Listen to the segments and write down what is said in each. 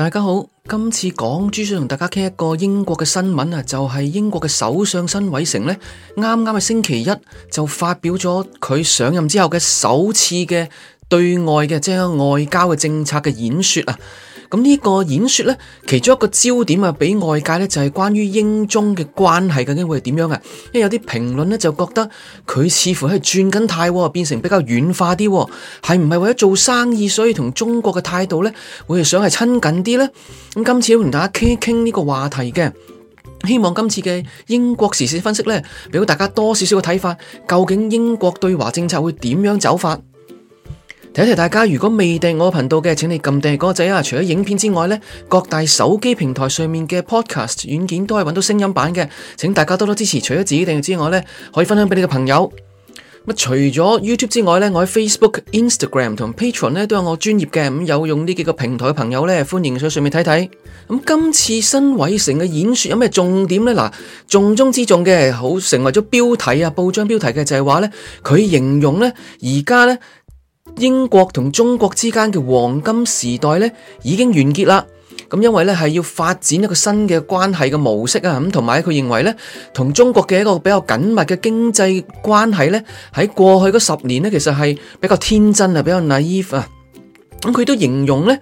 大家好，今次講朱想同大家傾一個英國嘅新聞啊，就係英國嘅首相辛偉誠咧，啱啱係星期一就發表咗佢上任之後嘅首次嘅對外嘅即係外交嘅政策嘅演說啊。咁呢個演說呢，其中一個焦點啊，俾外界呢，就係關於英中嘅關係究竟會係點樣啊？因為有啲評論呢，就覺得佢似乎係轉緊軚，變成比較軟化啲，係唔係為咗做生意，所以同中國嘅態度呢會是想係親近啲呢？咁今次要同大家傾傾呢個話題嘅，希望今次嘅英國時事分析呢，俾到大家多少少嘅睇法，究竟英國對華政策會點樣走法？提提大家，如果未訂我頻道嘅，請你撳訂閱歌仔啊！除咗影片之外咧，各大手機平台上面嘅 Podcast 軟件都係搵到聲音版嘅，請大家多多支持。除咗自己訂閱之外呢，可以分享俾你嘅朋友。除咗 YouTube 之外呢，我喺 Facebook、Instagram 同 Patreon 咧都有我專業嘅。咁有用呢幾個平台嘅朋友呢，歡迎上去上面睇睇。咁今次辛偉誠嘅演說有咩重點呢？嗱，重中之重嘅，好成為咗標題啊！報章標題嘅就係話呢，佢形容呢而家呢。英國同中國之間嘅黃金時代咧已經完結啦，咁因為咧係要發展一個新嘅關係嘅模式啊，咁同埋佢認為咧同中國嘅一個比較緊密嘅經濟關係咧喺過去嗰十年咧其實係比較天真啊，比較 naive 啊，咁佢都形容咧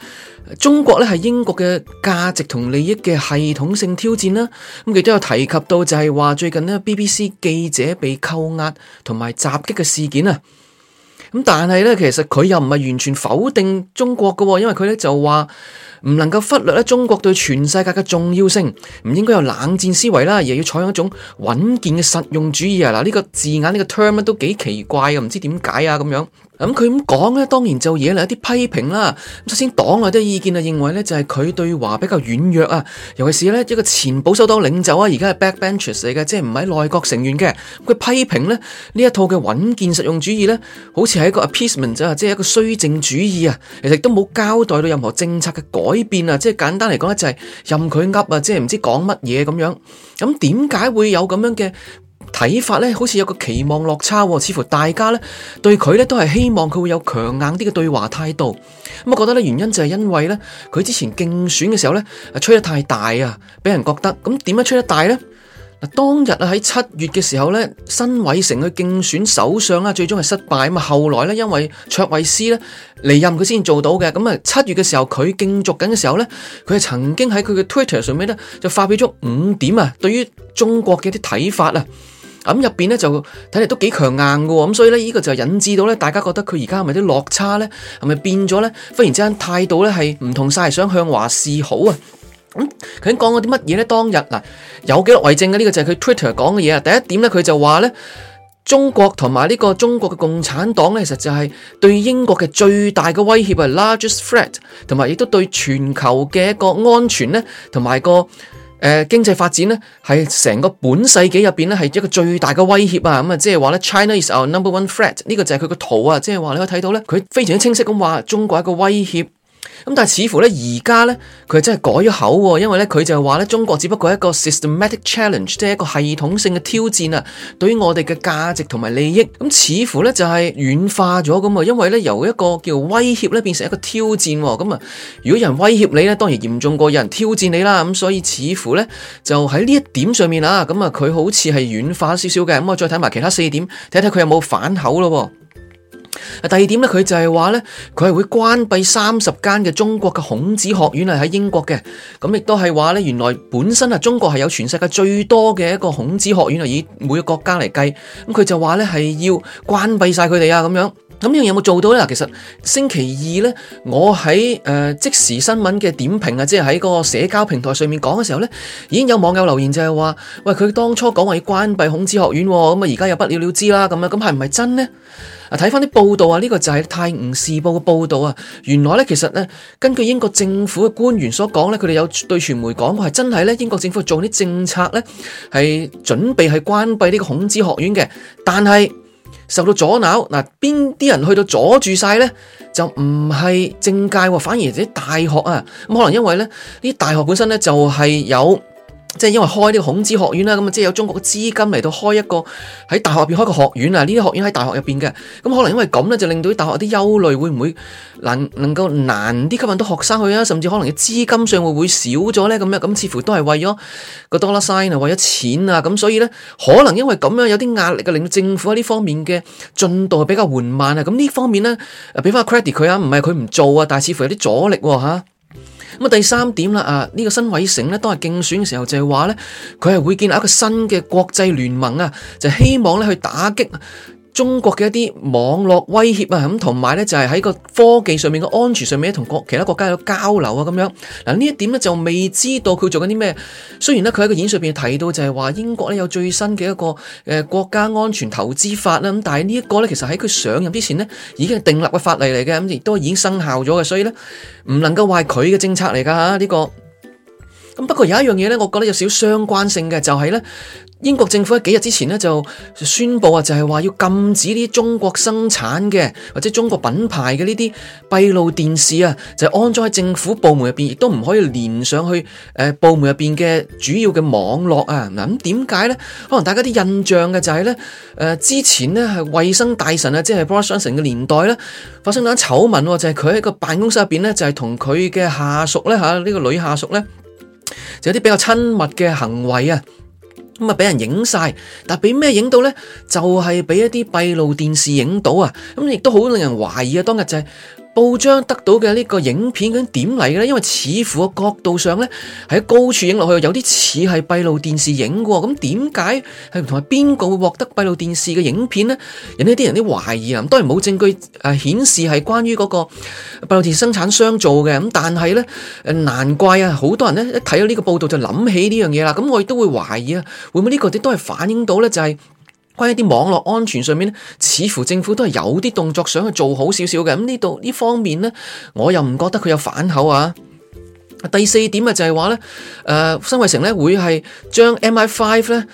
中國咧係英國嘅價值同利益嘅系統性挑戰啦，咁佢都有提及到就係話最近呢 BBC 記者被扣押同埋襲擊嘅事件啊。咁但係咧，其實佢又唔係完全否定中國噶喎，因為佢咧就話唔能夠忽略咧中國對全世界嘅重要性，唔應該有冷戰思維啦，而係要採用一種穩健嘅實用主義啊。嗱，呢個字眼呢個 term 咧都幾奇怪嘅，唔知點解啊咁樣。咁佢咁講咧，當然就惹嚟一啲批評啦。咁首先黨內啲意見啊認為咧，就係、是、佢對華比較軟弱啊，尤其是咧一個前保守黨領袖啊，而家係 backbenchers 嚟嘅，即係唔係內閣成員嘅。佢批評咧呢一套嘅穩健實用主義咧，好似係一個 appeasement 啊，即係一個綏靖主義啊，其實都冇交代到任何政策嘅改變啊。即係簡單嚟講咧，就係、是、任佢噏啊，即係唔知講乜嘢咁樣。咁點解會有咁樣嘅睇法咧，好似有個期望落差喎，似乎大家咧對佢咧都係希望佢會有強硬啲嘅對華態度，咁我覺得咧原因就係因為咧佢之前競選嘅時候咧吹得太大啊，俾人覺得咁點樣吹得大呢？嗱，當日啊喺七月嘅時候咧，辛偉誠去競選首相啦，最終係失敗，咁啊後來咧因為卓慧斯咧離任佢先做到嘅，咁啊七月嘅時候佢競逐緊嘅時候咧，佢係曾經喺佢嘅 Twitter 上面咧就發表咗五點啊，對於中國嘅一啲睇法啊。咁入邊咧就睇嚟都幾強硬嘅喎，咁所以咧呢個就引致到咧，大家覺得佢而家係咪啲落差咧，係咪變咗咧？忽然之間態度咧係唔同曬，想向華示好啊！咁究竟講嘅啲乜嘢咧？當日嗱有記錄為證嘅呢個就係佢 Twitter 講嘅嘢啊！第一點咧，佢就話咧，中國同埋呢個中國嘅共產黨咧，其實就係對英國嘅最大嘅威脅係，largest threat，同埋亦都對全球嘅一個安全咧，同埋個。誒、呃、經濟發展呢，係成個本世紀入邊呢，係一個最大嘅威脅啊！咁、就、啊、是，即係話呢，China is our number one threat。呢個就係佢個圖啊，即係話你可以睇到呢，佢非常清晰咁話中國一個威脅。但似乎咧，而家咧佢真係改咗口喎，因為咧佢就係話咧，中國只不過係一個 systematic challenge，即係一個系統性嘅挑戰啊，對於我哋嘅價值同埋利益，咁似乎咧就係軟化咗咁啊，因為咧由一個叫威脅咧變成一個挑戰，咁啊，如果有人威脅你咧，當然嚴重過有人挑戰你啦，咁所以似乎呢就喺呢一點上面啊，咁啊佢好似係軟化少少嘅，咁啊再睇埋其他四點，睇睇佢有冇反口咯。第二點呢，佢就係話呢，佢係會關閉三十間嘅中國嘅孔子學院係，喺英國嘅，咁亦都係話呢，原來本身啊，中國係有全世界最多嘅一個孔子學院啊，以每個國家嚟計，咁佢就話呢，係要關閉晒佢哋啊，咁樣。咁呢樣有冇做到呢？嗱，其實星期二呢，我喺誒、呃、即時新聞嘅點評啊，即係喺嗰個社交平台上面講嘅時候呢，已經有網友留言就係話：，喂，佢當初講話要關閉孔子學院，咁、哦、啊，而家又不了了之啦，咁樣，咁係唔係真呢？」啊，睇返啲報道啊，呢、呢個就係泰晤士報嘅報道啊。原來呢，其實呢，根據英國政府嘅官員所講呢，佢哋有對傳媒講過係真係呢英國政府做啲政策呢，係準備係關閉呢個孔子學院嘅，但係。受到阻撓，嗱，邊啲人去到阻住晒咧？就唔係政界喎，反而係啲大學啊，可能因為咧啲大學本身咧就係有。即係因為開呢個孔子學院啦，咁啊，即係有中國嘅資金嚟，到開一個喺大學入邊開個學院啊，呢啲學院喺大學入邊嘅，咁可能因為咁呢，就令到啲大學有啲憂慮，會唔會能能夠難啲吸引到學生去啊？甚至可能嘅資金上會唔會少咗呢。咁樣咁似乎都係為咗個 dollar sign 啊，1, 為咗錢啊，咁所以呢，可能因為咁樣有啲壓力令到政府喺呢方面嘅進度係比較緩慢啊。咁呢方面呢，畀俾翻 credit 佢啊，唔係佢唔做啊，但係似乎有啲阻力吓、喎。咁啊，第三點啦，啊，呢、這個新偉成辛偉誠咧，當係競選嘅時候就係話咧，佢係會建立一個新嘅國際聯盟啊，就是、希望咧去打擊。中國嘅一啲網絡威脅啊，咁同埋咧就係喺個科技上面嘅安全上面，同國其他國家有交流啊，咁樣。嗱呢一點咧就未知道佢做緊啲咩。雖然咧佢喺個演說上邊提到就係話英國咧有最新嘅一個誒國家安全投資法啦，咁但係呢一個咧其實喺佢上任之前咧已經係訂立嘅法例嚟嘅，咁亦都已經生效咗嘅，所以咧唔能夠話係佢嘅政策嚟噶吓呢個。咁不過有一樣嘢咧，我覺得有少少相關性嘅，就係咧英國政府喺幾日之前咧就宣佈啊，就係話要禁止啲中國生產嘅或者中國品牌嘅呢啲閉路電視啊，就係安裝喺政府部門入邊，亦都唔可以連上去誒部門入邊嘅主要嘅網絡啊。嗱咁點解咧？可能大家啲印象嘅就係咧誒之前咧係衞生大臣啊，即係 Boris Johnson 嘅年代咧發生單醜聞，就係佢喺個辦公室入邊咧就係同佢嘅下屬咧嚇呢個女下屬咧。就有啲比較親密嘅行為啊，咁啊俾人影晒，但係俾咩影到咧？就係、是、俾一啲閉路電視影到啊，咁亦都好令人懷疑啊當日就係、是。報章得到嘅呢個影片咁點嚟嘅咧？因為似乎個角度上咧喺高處影落去，有啲似係閉路電視影嘅，咁點解係唔同啊？邊個會獲得閉路電視嘅影片咧？引起啲人啲懷疑啊，當然冇證據誒呃、顯示係關於嗰個閉路電視生產商做嘅，咁但係咧誒難怪啊，好多人咧一睇到呢個報道就諗起呢樣嘢啦。咁我亦都會懷疑啊，會唔會呢個啲都係反映到咧就係、是？關於啲網絡安全上面，似乎政府都係有啲動作想去做好少少嘅。咁呢度呢方面咧，我又唔覺得佢有反口啊。第四點啊就係話咧，誒、呃，新惠城咧會係將 MI5 咧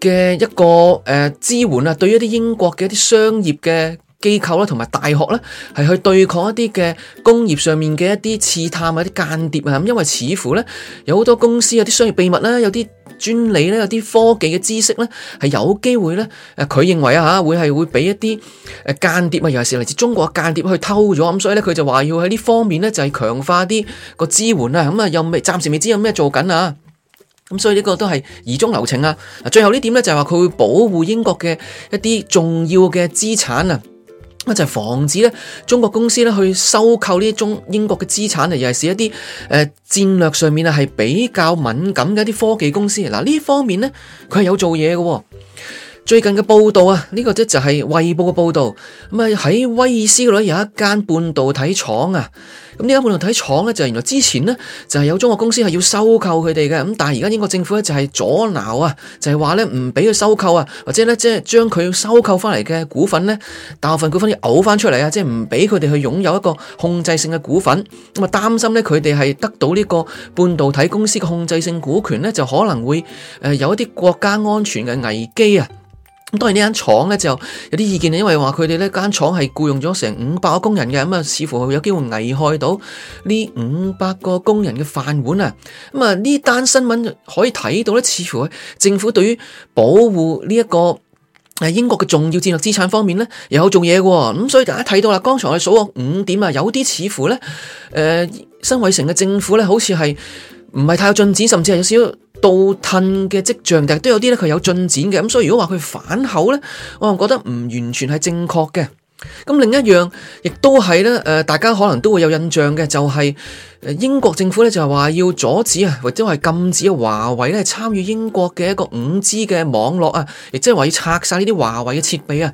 嘅一個誒、呃、支援啊，對於一啲英國嘅一啲商業嘅。機構啦，同埋大學啦，係去對抗一啲嘅工業上面嘅一啲刺探啊、啲間諜啊。咁因為似乎咧，有好多公司有啲商業秘密啦，有啲專利咧，有啲科技嘅知識咧，係有機會咧。誒，佢認為啊，吓會係會俾一啲誒間諜啊，尤其是嚟自中國嘅間諜去偷咗。咁、嗯、所以咧，佢就話要喺呢方面咧，就係、是、強化啲個支援啦。咁、嗯、啊，又未暫時未知有咩做緊啊。咁、嗯、所以呢個都係疑中留情啊。最後點呢點咧就係話佢會保護英國嘅一啲重要嘅資產啊。咁就係防止咧，中國公司咧去收購呢啲中英國嘅資產啊，尤其係一啲誒戰略上面啊，係比較敏感嘅一啲科技公司嗱，呢方面咧，佢係有做嘢嘅。哦。最近嘅報道啊，呢個即係《衛報》嘅報道，咁啊喺威爾斯嗰度有一間半導體廠啊。咁呢家半導體廠咧就係原來之前咧就係、是、有中國公司係要收購佢哋嘅，咁但係而家英國政府咧就係阻撓啊，就係話咧唔俾佢收購啊，或者咧即係將佢要收購翻嚟嘅股份咧，大部分股份要嘔翻出嚟啊，即係唔俾佢哋去擁有一個控制性嘅股份，咁啊擔心咧佢哋係得到呢個半導體公司嘅控制性股權咧，就可能會誒有一啲國家安全嘅危機啊！咁當然呢間廠咧就有啲意見，因為話佢哋呢間廠係雇傭咗成五百個工人嘅，咁啊似乎有機會危害到呢五百個工人嘅飯碗啊！咁啊呢單新聞可以睇到咧，似乎政府對於保護呢一個誒英國嘅重要戰略資產方面咧有做嘢嘅，咁、嗯、所以大家睇到啦，剛才我數過五點啊，有啲似乎咧誒、呃，辛偉誠嘅政府咧，好似係唔係太有進展，甚至係有少。倒褪嘅跡象，但係都有啲咧，佢有進展嘅。咁所以如果話，佢反口咧，我又覺得唔完全係正確嘅。咁另一樣，亦都係咧，誒、呃，大家可能都會有印象嘅，就係、是、英國政府咧就係、是、話要阻止啊，或者係禁止啊華為咧參與英國嘅一個五 G 嘅網絡啊，亦即係話要拆晒呢啲華為嘅設備啊。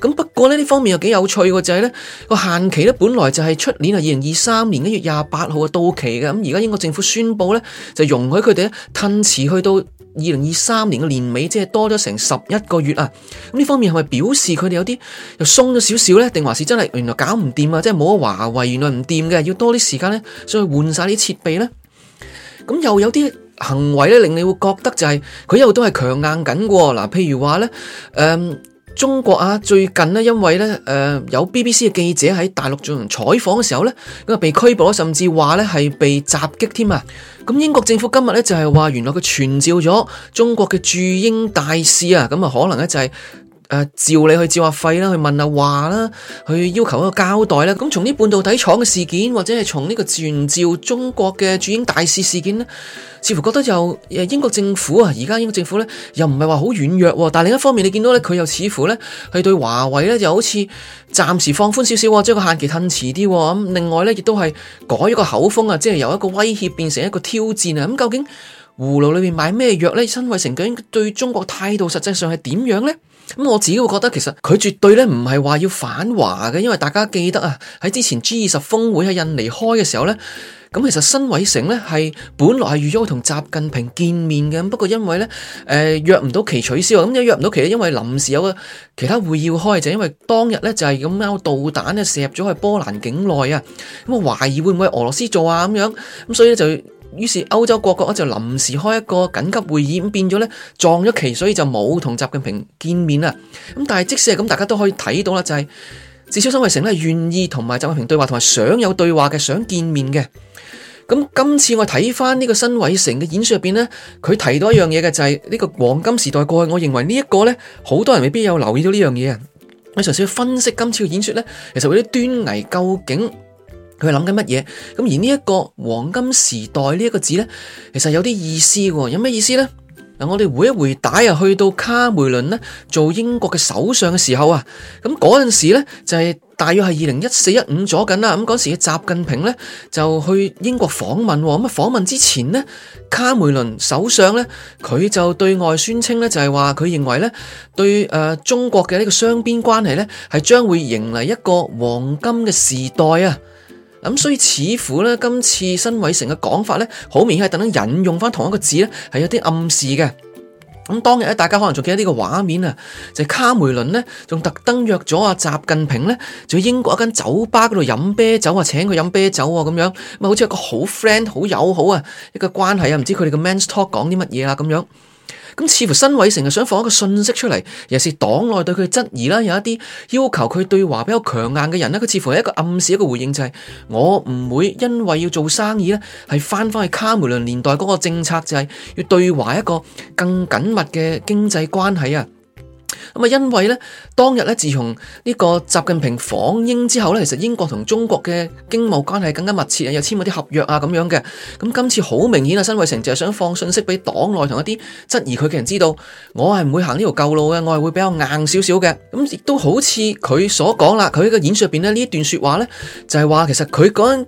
咁不過咧呢方面又幾有趣嘅就係咧個限期咧本來就係出年係二零二三年一月廿八號嘅到期嘅，咁而家英國政府宣布咧就容許佢哋咧褪遲去到。二零二三年嘅年尾，即係多咗成十一個月啊！咁呢方面係咪表示佢哋有啲又鬆咗少少呢？定還是真係原來搞唔掂啊？即係冇咗華為，原來唔掂嘅，要多啲時間咧，再換晒啲設備呢？咁又有啲行為呢，令你會覺得就係佢一路都係強硬緊喎。嗱、呃，譬如話呢。誒、嗯。中國啊，最近咧，因為咧，誒有 BBC 嘅記者喺大陸進行採訪嘅時候咧，咁啊被拘捕，甚至話咧係被襲擊添啊！咁英國政府今日咧就係話，原來佢傳召咗中國嘅駐英大使啊，咁啊可能咧就係、是。照你去照下肺啦，去問下話啦，去要求一個交代啦。咁從呢半導體廠嘅事件，或者係從呢個傳召中國嘅駐英大使事，事件呢，似乎覺得又英國政府啊，而家英國政府呢，又唔係話好軟弱，但係另一方面你見到呢，佢又似乎呢，係對華為呢又好似暫時放寬少少，將個限期褪遲啲。咁另外呢，亦都係改咗個口風啊，即係由一個威脅變成一個挑戰啊。咁究竟葫蘆裏面買咩藥呢？辛偉誠究竟對中國態度實際上係點樣呢？咁我自己會覺得其實佢絕對咧唔係話要反華嘅，因為大家記得啊，喺之前 G 二十峰會喺印尼開嘅時候咧，咁其實辛偉誠咧係本來係預咗同習近平見面嘅，不過因為咧誒、呃、約唔到期取消，咁又約唔到期，因為臨時有個其他會要開，就是、因為當日咧就係咁樣有導彈咧射入咗去波蘭境內啊，咁我懷疑會唔會係俄羅斯做啊咁樣，咁所以咧就。於是歐洲各國咧就臨時開一個緊急會議，咁變咗咧撞咗期，所以就冇同習近平見面啊！咁但係即使係咁，大家都可以睇到啦，就係、是、至少新委成辛偉誠咧願意同埋習近平對話，同埋想有對話嘅，想見面嘅。咁今次我睇翻呢個辛偉誠嘅演說入邊咧，佢提到一樣嘢嘅就係、是、呢個黃金時代過去，我認為呢一個咧好多人未必有留意到呢樣嘢啊！我嘗試去分析今次嘅演說咧，其實佢啲端倪究竟？佢諗緊乜嘢？咁而呢一個黃金時代呢一個字呢，其實有啲意思喎。有咩意思呢？嗱，我哋回一回帶啊，去到卡梅倫呢做英國嘅首相嘅時候啊，咁嗰陣時呢，就係、是、大約係二零一四一五咗緊啦。咁嗰時嘅習近平呢，就去英國訪問，咁、嗯、啊訪問之前呢，卡梅倫首相呢，佢就對外宣稱呢，就係話佢認為呢，對誒中國嘅呢個雙邊關係呢，係將會迎嚟一個黃金嘅時代啊。咁所以似乎咧，今次辛偉誠嘅講法咧，好明顯係特登引用翻同一個字咧，係有啲暗示嘅。咁、嗯、當日咧，大家可能仲記得呢個畫面啊，就係、是、卡梅倫咧，仲特登約咗阿習近平咧，就去英國一間酒吧嗰度飲啤酒啊，請佢飲啤酒啊、哦，咁樣咪好似一個好 friend、好友好啊，一個關係啊，唔知佢哋個 men’s talk 講啲乜嘢啊，咁樣。咁似乎辛偉誠日想放一個信息出嚟，又是黨內對佢嘅質疑啦，有一啲要求佢對華比較強硬嘅人咧，佢似乎係一個暗示，一個回應就係、是、我唔會因為要做生意呢，係返返去卡梅倫年代嗰個政策，就係、是、要對華一個更緊密嘅經濟關係啊。咁啊，因為咧，當日咧，自從呢個習近平訪英之後咧，其實英國同中國嘅經貿關係更加密切啊，又簽咗啲合約啊，咁樣嘅。咁今次好明顯啊，辛偉誠就係想放信息俾黨內同一啲質疑佢嘅人知道，我係唔會行呢條舊路嘅，我係會比較硬少少嘅。咁亦都好似佢所講啦，佢個演說入邊咧呢一段說話咧，就係話其實佢講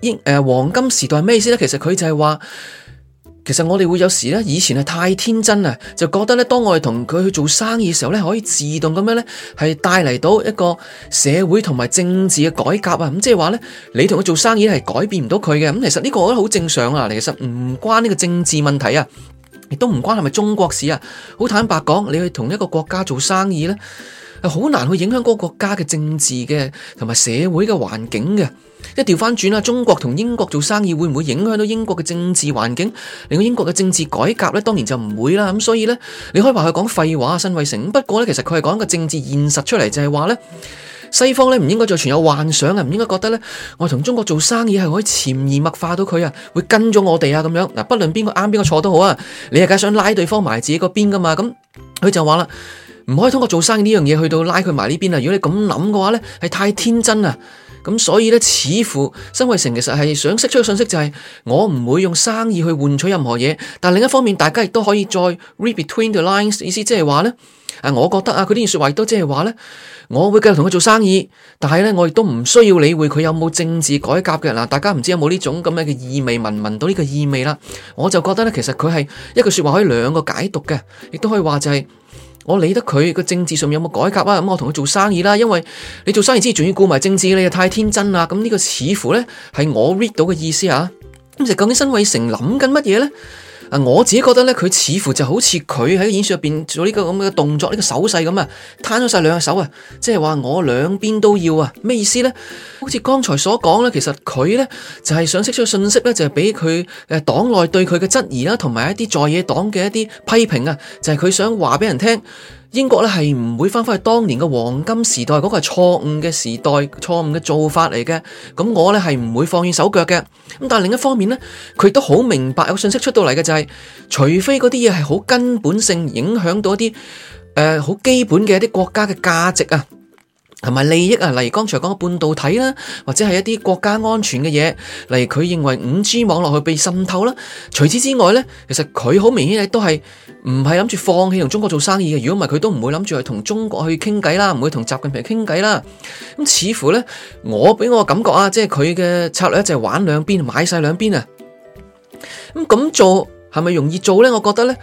英誒黃金時代咩意思咧？其實佢就係話。其實我哋會有時咧，以前係太天真啊，就覺得咧，當我哋同佢去做生意嘅時候咧，可以自動咁樣咧，係帶嚟到一個社會同埋政治嘅改革啊。咁，嗯，即係話咧，你同佢做生意係改變唔到佢嘅。咁，嗯，其實呢個都好正常啊。其實唔關呢個政治問題啊，亦都唔關係咪中國事啊。好坦白講，你去同一個國家做生意咧。好難去影響嗰個國家嘅政治嘅，同埋社會嘅環境嘅。一調翻轉啦，中國同英國做生意會唔會影響到英國嘅政治環境，令到英國嘅政治改革呢？當然就唔會啦。咁所以呢，你可以話佢講廢話啊，辛偉誠。不過呢，其實佢係講一個政治現實出嚟，就係話呢：西方呢唔應該再存有幻想啊，唔應該覺得呢我同中國做生意係可以潛移默化到佢啊，會跟咗我哋啊咁樣。嗱，不論邊個啱邊個錯都好啊，你係梗係想拉對方埋自己個邊噶嘛？咁佢就話啦。唔可以通過做生意呢樣嘢去到拉佢埋呢邊啦。如果你咁諗嘅話呢，係太天真啊！咁所以呢，似乎辛偉誠其實係想釋出嘅信息就係、是，我唔會用生意去換取任何嘢。但另一方面，大家亦都可以再 read between the lines，意思即係話呢。我覺得啊，佢呢段說話亦都即係話呢，我會繼續同佢做生意，但係呢，我亦都唔需要理會佢有冇政治改革嘅人嗱。大家唔知有冇呢種咁樣嘅意味聞聞到呢個意味啦？我就覺得呢，其實佢係一句說話可以兩個解讀嘅，亦都可以話就係、是。我理得佢個政治上面有冇改革啊？咁我同佢做生意啦，因為你做生意之前仲要顧埋政治，你又太天真啦。咁呢個似乎咧係我 read 到嘅意思啊。咁其實究竟辛偉誠諗緊乜嘢咧？啊！我自己覺得咧，佢似乎就好似佢喺演説入邊做呢個咁嘅動作，呢個手勢咁啊，攤咗晒兩隻手啊，即係話我兩邊都要啊，咩意思咧？好似剛才所講咧，其實佢咧就係想釋出信息咧，就係俾佢誒黨內對佢嘅質疑啦，同埋一啲在野黨嘅一啲批評啊，就係佢想話俾人聽。英國咧係唔會翻返去當年嘅黃金時代嗰、嗰個係錯誤嘅時代、錯誤嘅做法嚟嘅，咁我咧係唔會放軟手腳嘅。咁但係另一方面咧，佢都好明白有信息出到嚟嘅就係、是，除非嗰啲嘢係好根本性影響到一啲誒好基本嘅一啲國家嘅價值啊，同埋利益啊，例如剛才講嘅半導體啦，或者係一啲國家安全嘅嘢，例如佢認為五 G 網絡去被滲透啦。除此之外呢，其實佢好明顯都係唔係諗住放棄同中國做生意嘅。如果唔係，佢都唔會諗住去同中國去傾偈啦，唔會同習近平傾偈啦。咁似乎呢，我俾我感覺啊，即係佢嘅策略就係玩兩邊，買晒兩邊啊。咁咁做係咪容易做呢？我覺得呢。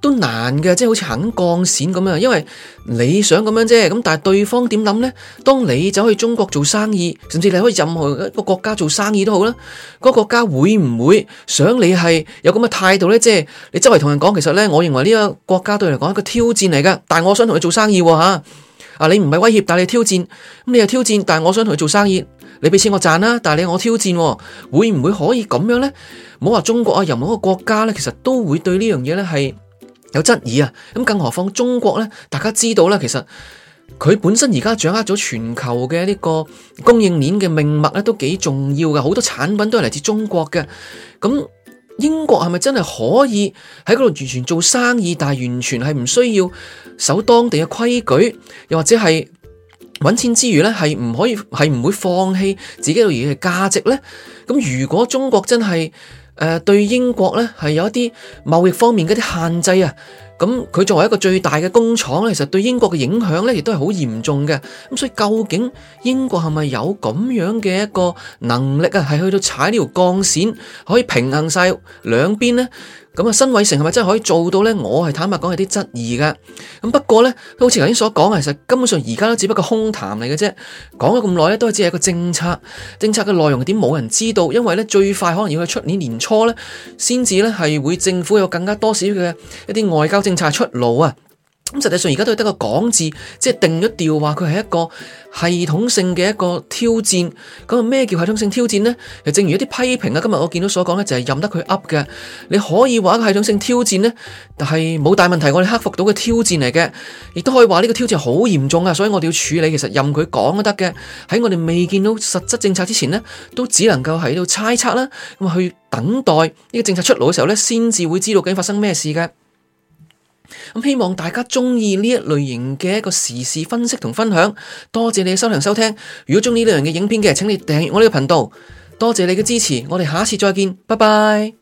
都難嘅，即係好似行緊鋼線咁樣。因為你想咁樣啫，咁但係對方點諗呢？當你走去中國做生意，甚至你可以任何一個國家做生意都好啦，嗰個國家會唔會想你係有咁嘅態度呢？即係你周圍同人講，其實呢，我認為呢個國家對你嚟講係一個挑戰嚟噶。但係我想同你做生意吓，啊，啊你唔係威脅，但係你挑戰，咁你又挑戰，但係我想同佢做生意，你畀錢我賺啦，但係你我挑戰，啊，會唔會可以咁樣呢？唔好話中國啊，任何一個國家呢，其實都會對呢樣嘢呢係有質疑啊！咁，更何況中國呢？大家知道啦，其實佢本身而家掌握咗全球嘅呢個供應鏈嘅命脈咧，都幾重要嘅。好多產品都係嚟自中國嘅。咁英國係咪真係可以喺嗰度完全做生意，但係完全係唔需要守當地嘅規矩，又或者係揾錢之餘呢，係唔可以係唔會放棄自己度嘅價值呢？咁如果中國真係誒，對英國咧，係有一啲貿易方面嗰啲限制啊，咁佢作為一個最大嘅工廠，其實對英國嘅影響咧，亦都係好嚴重嘅，咁所以究竟英國係咪有咁樣嘅一個能力啊，係去到踩呢條鋼線，可以平衡晒兩邊呢。咁啊，辛偉誠係咪真係可以做到咧？我係坦白講有啲質疑㗎。咁不過咧，好似頭先所講，其實根本上而家都只不過空談嚟嘅啫。講咗咁耐咧，都係只係一個政策，政策嘅內容點冇人知道，因為咧最快可能要去出年年初咧，先至咧係會政府有更加多少嘅一啲外交政策出爐啊。咁實際上而家都係得個講字，即係定咗調話，佢係一個系統性嘅一個挑戰。咁啊，咩叫系統性挑戰呢？正如一啲批評啊，今日我見到所講咧，就係任得佢 up 嘅。你可以話一個系統性挑戰咧，但係冇大問題，我哋克服到嘅挑戰嚟嘅亦都可以話呢個挑戰好嚴重啊。所以我哋要處理，其實任佢講都得嘅。喺我哋未見到實質政策之前咧，都只能夠喺度猜測啦。咁去等待呢個政策出爐嘅時候咧，先至會知道究竟發生咩事嘅。咁希望大家中意呢一類型嘅一個時事分析同分享，多謝你嘅收聽收聽。如果中意呢類型嘅影片嘅，請你訂閱我呢個頻道，多謝你嘅支持。我哋下次再見，拜拜。